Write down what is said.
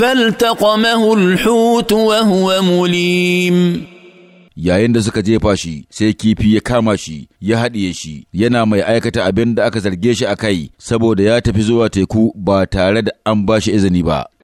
فالتقمه الحوت وهو مليم yayin da suka jefa shi sai kifi ya kama shi ya haɗiye shi yana mai aikata abin da aka zarge shi a kai saboda ya tafi zuwa teku ba tare da an ba shi izini ba